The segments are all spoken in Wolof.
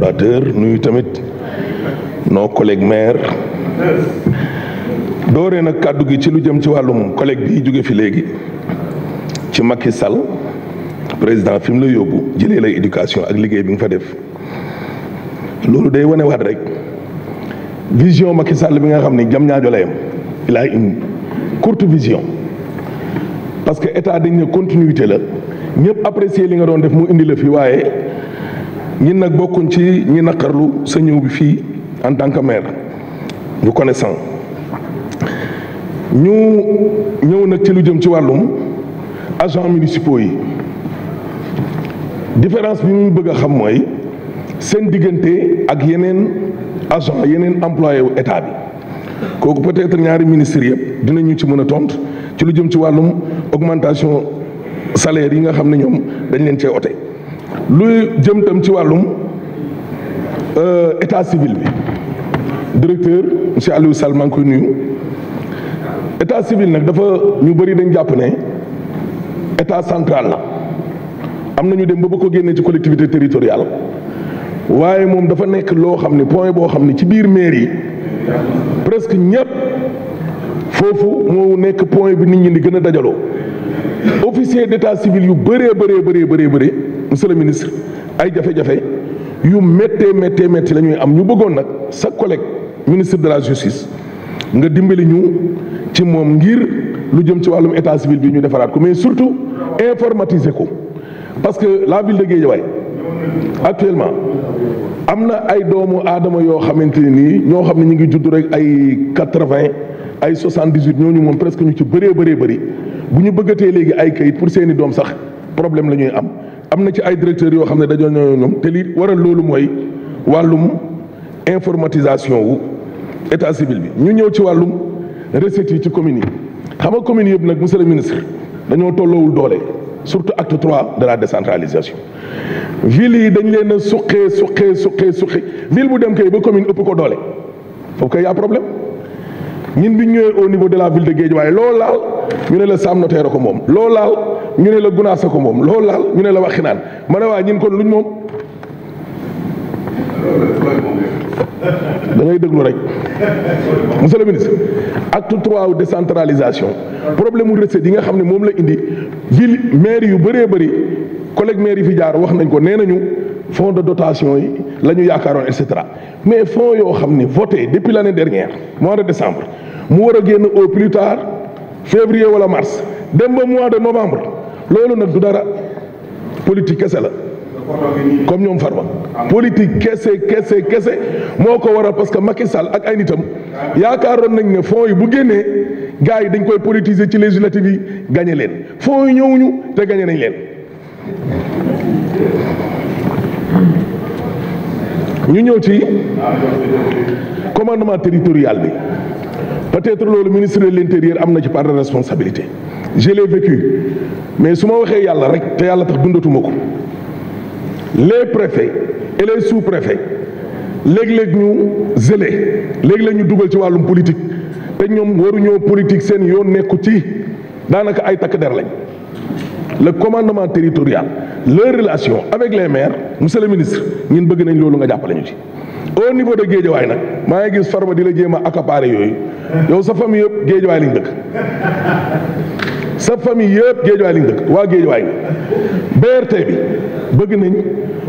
collaborateurs nuyu tamit noo collègues maire dooree nag kàddu gi ci lu jëm ci wàllum collègue bi jóge fi léegi ci Macky Sall président fi mu la yóbbu jëlee lay éducation ak liggéey bi nga fa def loolu day wane wanewaat rek vision Macky Sall bi nga xam ni jam ñaajo la yem il courte vision parce que état dañ ne continuité la ñëpp apprécier li nga doon def mu indi la fi waaye ñun nag bokkuñ ci ñi naqarlu sa ñëw bi fii en tant que maire ñu connaissant ñu ñëw nag ci lu jëm ci wàllum agent municipaux yi différence bi ñu bëgg a xam mooy seen diggante ak yeneen agent yeneen employé wu état bi kooku peut-être ñaari ministres yëpp dinañu ci mën a tontu ci lu jëm ci wàllum augmentation salaire yi nga xam ne ñoom dañ leen cee ote luy jëm tam ci wàllum euh, état civil bi directeur monsieur Aliou Sall maa ngi koy nuyu état civil nag dafa ñu bëri dañ jàpp ne état central la am na ñu dem ba ba ko génnee ci collectivité territoriale waaye moom dafa nekk loo xam ne point boo xam ne ci biir maire yi presque ñëpp foofu moo nekk point bi nit ñi di gën a dajaloo officier d'état civil yu bëree bëree bëree bëree bëri monsieur le ministre ay jafe-jafe yu méttee méttee métti la ñuy am ñu bëggoon nag sa collègue ministre de la justice nga dimbali ñu ci moom ngir lu jëm ci wàllum état civil bi ñu defaraat ko mais surtout informatiser ko parce que la ville de actuellement am na ay doomu aadama yoo xamante nii ñoo xam ne ñu ngi judd rek ay quatre-vingt ay soixante-dix-huit ñooñu moom presque ñu ci bëree bëree bëri bu ñu bëggatee léegi ay kayit pour seeni doom sax problème la ñuy am. am na ci ay directeurs yoo xam ne dañoo ñoo ñoom te lii waral loolu mooy wàllum informatisation wu état civil bi ñu ñëw ci wàllum recettes yi ci communes yi xam nga communes yëpp nag monsieur le ministre dañoo tolloowul doole surtout acte trois de la décentralisation ville yi dañ leen suqe suqe suqee suqee suqee ville bu dem kay ba commune ëpp ko doole foofu kay y problème ñun bi ñëwee au niveau de la ville de Guédiawaye loo laal ñu ne la Sam Notaire ko moom loo ñu ne la gunaasa ko moom loolu laal ñu ne la waxi naan ma ne waa ñin kon luñ moom da ngay déglu rek monsieur le ministre acte trois wu décentralisation problème mu recette yi nga xam ne moom la indi ville maire yu bëree bëri collègue maire yi fi jaar wax nañ ko nee nañu fonds de dotation yi la ñu yaakaaroon et mais fonds yoo xam ne voté depuis l' année dernière mois de décembre mu war a génn au plus tard février wala mars dem ba mois de novembre loolu nag du dara politique kese la comme ñoom farba politique kese kese kese moo ko waral parce que Macky Sall ak ay nitam yaakaaroon nañ ne fonds yi bu génnee gars yi dañ koy politiser ci législative yi gagné leen fonds yi ñëwuñu te gagné nañ leen. ñu ñëw ci commandement teritorial bi peut-être loolu ministre de l'intérieur am na ci part de responsabilité. je l'ai mais su ma waxee yàlla rek te yàlla tax dundatuma ko les préfets et les sous-préfets léeg-léeg ñu zélé léegi léeg ñu dugal ci wàllum politique te ñoom waruñoo politique seen yoon nekku ci daanaka ay takk der lañ le commandement territorial les relations avec les maires monsieur le ministre ñun bëgg nañ loolu nga jàppale ñu ci. au niveau de géejawaay nag maa ngi gis farba di la jéem a yooyu yow sa famille yëpp géejawaay lañ dëkk sa famille yëpp géejuwaay lañ dëkk waa géejuwaay nga BRT bi bëgg nañ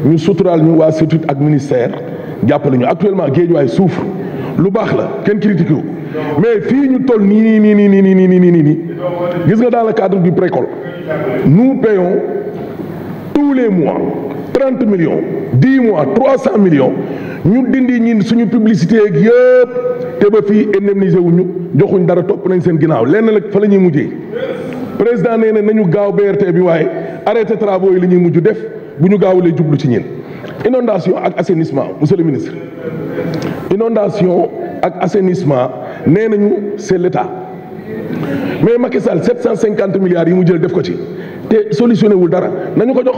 ñu suturaal ñu waa surtout ak ministère jàppale ñu actuellement géejuwaay suuf lu baax la kenn critiqué wu mais fii ñu toll nii nii nii nii nii nii nii nii gis nga dans le cadre du précole nous payons tous les mois trente millions dix mois trois cent millions ñu dindi ñin suñu publicité ak yëpp te ba fii indemnisé wuñu joxuñ dara topp nañ seen ginnaaw lenn nag fa la ñuy mujjee président nee na nañu gaaw BRT bi waaye arrêté travaux yi li ñuy mujj def bu ñu gaawulee jublu ci ñin inondation ak assainissement monsieur le ministre inondation ak assainissement nee nañu c'est l'état mais Macky Sall 750 milliards yi mu jël def ko ci te solutionné wul dara nañu ko jox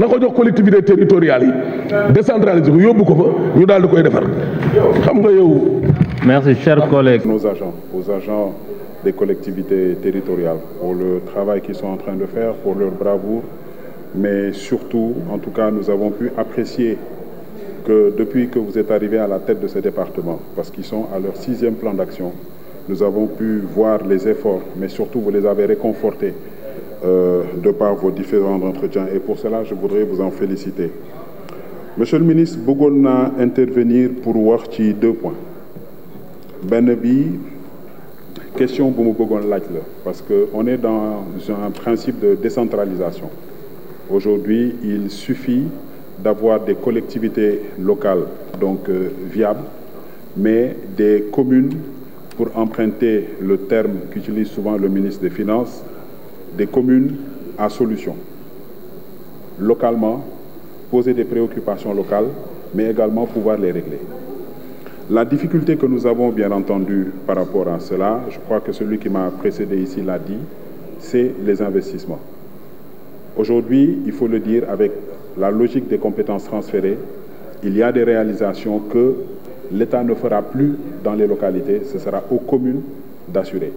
na ko jox collectivité territoriale yi décentralisé ko yóbbu ko fa ñu daal di koy defar xam nga yow. merci chers collègues. nos agents aux agents. des collectivités territoriales pour le travail qu'ils sont en train de faire, pour leur bravoure. Mais surtout, en tout cas, nous avons pu apprécier que depuis que vous êtes arrivé à la tête de ce département, parce qu'ils sont à leur sixième plan d'action, nous avons pu voir les efforts, mais surtout vous les avez réconfortés euh, de par vos différents entretiens. Et pour cela, je voudrais vous en féliciter. Monsieur le ministre, bëggoon naa intervenir pour wax ci deux points question bu mu bëggoon laaj la parce que on est dans un principe de décentralisation aujourd'hui il suffit d'avoir des collectivités locales donc euh, viables mais des communes pour emprunter le terme qu'utilise souvent le ministre des Finances des communes à solution localement poser des préoccupations locales mais également pouvoir les régler La difficulté que nous avons, bien entendu, par rapport à cela, je crois que celui qui m'a précédé ici l'a dit, c'est les investissements. Aujourd'hui, il faut le dire, avec la logique des compétences transférées, il y a des réalisations que l'État ne fera plus dans les localités, ce sera aux communes d'assurer.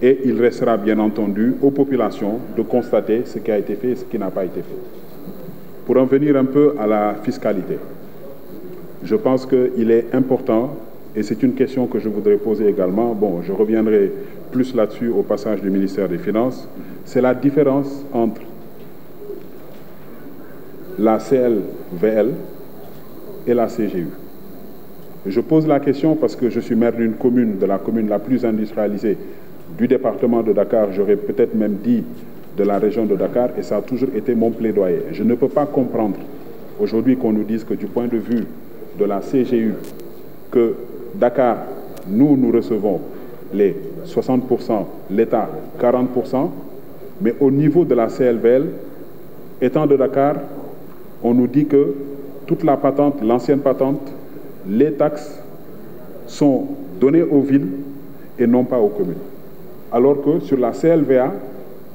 Et il restera bien entendu aux populations de constater ce qui a été fait et ce qui n'a pas été fait. Pour en venir un peu à la fiscalité, je pense qu'il est important, et c'est une question que je voudrais poser également, bon, je reviendrai plus là-dessus au passage du ministère des Finances, c'est la différence entre la CLVL et la CGU. Je pose la question parce que je suis maire d'une commune, de la commune la plus industrialisée du département de Dakar, j'aurais peut-être même dit de la région de Dakar, et ça a toujours été mon plaidoyer. Je ne peux pas comprendre aujourd'hui qu'on nous de vue de la CGU que Dakar, nous, nous recevons les 60%, l'État 40%, mais au niveau de la CLVL, étant de Dakar, on nous dit que toute la patente, l'ancienne patente, les taxes sont données aux villes et non pas aux communes. Alors que sur la CLVA,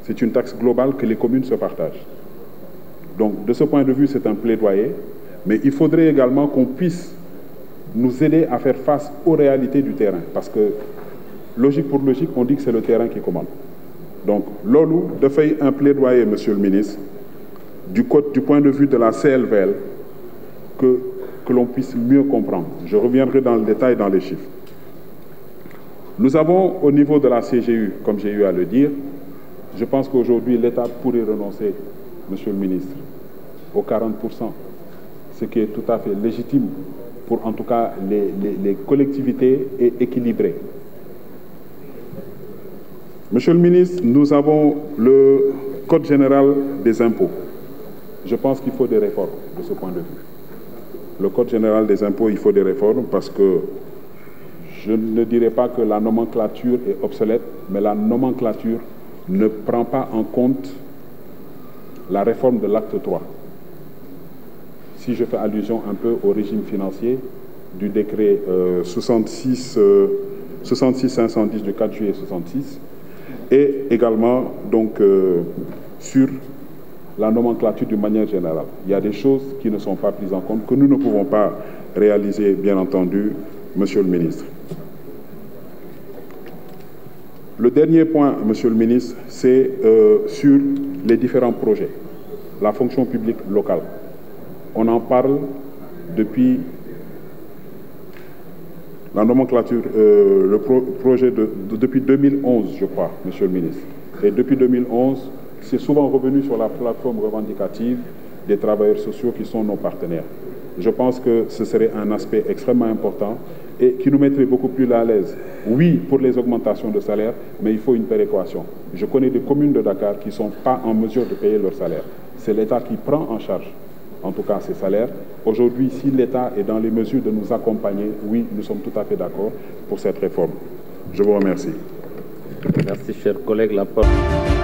c'est une taxe globale que les communes se partagent. Donc, de ce point de vue, c'est un plaidoyer Mais il faudrait également qu'on puisse nous aider à faire face aux réalités du terrain. Parce que, logique pour logique, on dit que c'est le terrain qui commande. Donc, l'OLU de fait un plaidoyer, Monsieur le ministre, du, côté, du point de vue de la CLVL, que, que l'on puisse mieux comprendre. Je reviendrai dans le détail dans les chiffres. Nous avons, au niveau de la CGU, comme j'ai eu à le dire, je pense qu'aujourd'hui, l'État pourrait renoncer, Monsieur le ministre, aux 40 ce qui est tout à fait légitime pour en tout cas les, les, les collectivités et équilibré. Monsieur le ministre, nous avons le Code général des impôts. Je pense qu'il faut des réformes de ce point de vue. Le Code général des impôts, il faut des réformes parce que je ne dirais pas que la nomenclature est obsolète, mais la nomenclature ne prend pas en compte la réforme de l'acte 3. si je fais allusion un peu au régime financier du décret euh, 66, euh, 66 510 du 4 juillet 66 et également donc euh, sur la nomenclature d'une manière générale. Il y des choses qui ne sont pas prises en compte, que pas réaliser, bien entendu, Monsieur le ministre. Le dernier point, Monsieur le ministre, c'est euh, sur différents projets, la fonction publique locale. On en parle depuis la nomenclature, euh, le pro projet de, de, depuis 2011, je crois, Monsieur le ministre. Et depuis 2011, c'est souvent revenu sur la plateforme revendicative des travailleurs sociaux qui sont nos partenaires. Je pense que ce serait un aspect extrêmement important et qui nous mettrait beaucoup plus à l'aise. Oui, pour les augmentations de salaire, mais il faut une péréquation. Je connais des communes de Dakar qui ne sont pas en mesure de payer leur salaire. C'est l'État qui prend en charge en tout cas ces salaires. Aujourd'hui, si l'État est dans les mesures de nous accompagner, oui, nous sommes tout à fait d'accord pour cette réforme. Je vous remercie. Merci, chers collègues. La parole...